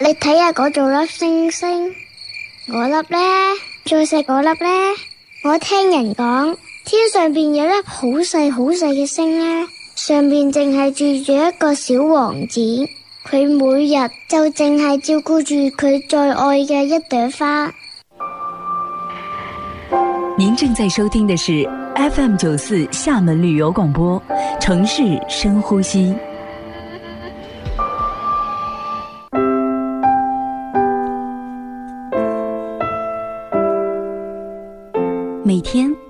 你睇下嗰種粒星星，我粒咧，最細嗰粒咧。我聽人講，天上邊有粒好細好細嘅星咧，上邊淨係住住一個小王子，佢每日就淨係照顧住佢最愛嘅一朵花。您正在收聽嘅是 FM 九四廈門旅遊廣播，城市深呼吸。